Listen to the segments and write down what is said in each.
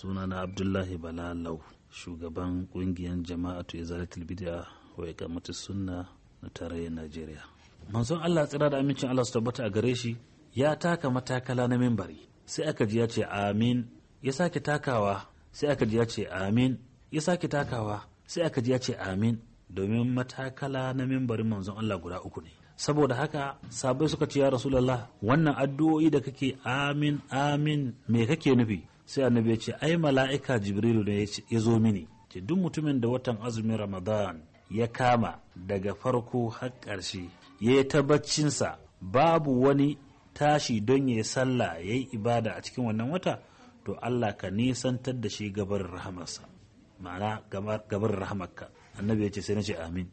sunana abdullahi balalau shugaban kungiyar jama'atu izalatul tilbidiya, wa kamata sunna na tarayyar najeriya manzon allah tsira da amincin allah su tabbata a gare shi ya taka matakala na mimbari sai aka ji ya ce amin ya sake takawa sai aka ji ya ce amin ya sake takawa sai aka ji ya ce amin domin matakala na mimbarin manzon allah guda uku ne saboda haka sabai suka ce ya rasulallah wannan addu'o'i da kake amin amin me kake nufi sai annabi ya ce ai mala'ika jibrilu ne ya zo mini ce duk mutumin da watan azumin ramadan ya kama daga farko har ƙarshe ya yi ta babu wani tashi don ya sallah ya yi ibada a cikin wannan wata to Allah ka nisantar da shi gabar rahamarsa ma'ana gabar rahamarka annabi ya ce sai na ce amin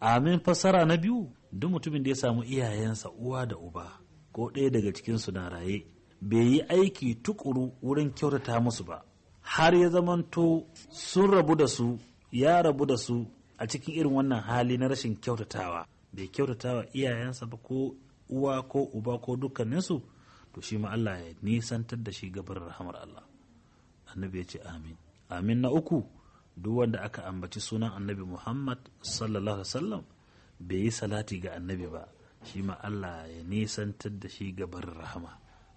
amin fassara na biyu duk mutumin da ya samu iyayensa uwa da uba ko ɗaya daga cikinsu na raye bai yi aiki tukuru wurin kyautata musu ba har ya zamanto sun rabu da su ya rabu da su a cikin irin wannan hali na rashin kyautatawa bai kyautatawa iyayensa ba ko uwa ko uba ko dukkaninsu to shi ma Allah ya nisantar da shi gabar rahamar Allah annabi ya ce amin amin na uku duk wanda aka ambaci sunan annabi Muhammad sallallahu alaihi wasallam bai yi salati ga annabi ba shi ma Allah ya nisantar da shi gabar rahama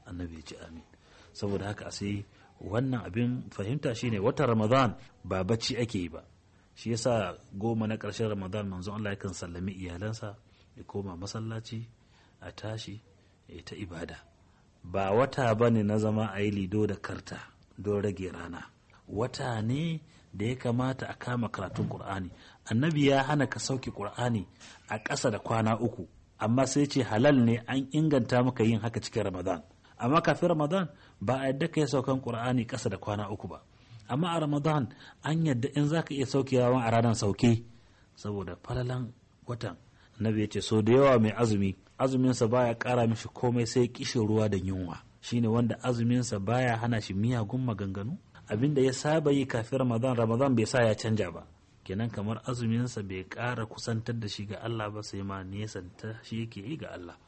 annabi ya ce amin saboda haka a sai wannan abin fahimta shine wata ramadan ba bacci ake yi ba shi yasa goma na ƙarshen ramadan manzo Allah kan sallami iyalansa ya koma masallaci a tashi ya ta ibada ba wata bane na zama a yi lido da karta don rage rana wata ne da ya kamata a kama karatun ƙur'ani annabi ya hana ka sauke ƙur'ani a ƙasa da kwana uku amma sai ce halal ne an inganta maka yin haka cikin ramadan amma kafin ramadan ba a yadda ka yi saukan qur'ani ƙasa da kwana uku ba amma a ramadan an yadda in za ka iya saukewa a ranar sauke saboda falalan watan na ya ce so da yawa mai azumi azuminsa baya kara mishi komai sai kishin ruwa da yunwa shine wanda azuminsa baya hana shi miyagun maganganu abinda ya saba yi kafin ramadan ramadan bai sa ya canja ba kenan kamar azuminsa bai ƙara kusantar da shi ga allah ba sai ma nesanta shi yake yi ga allah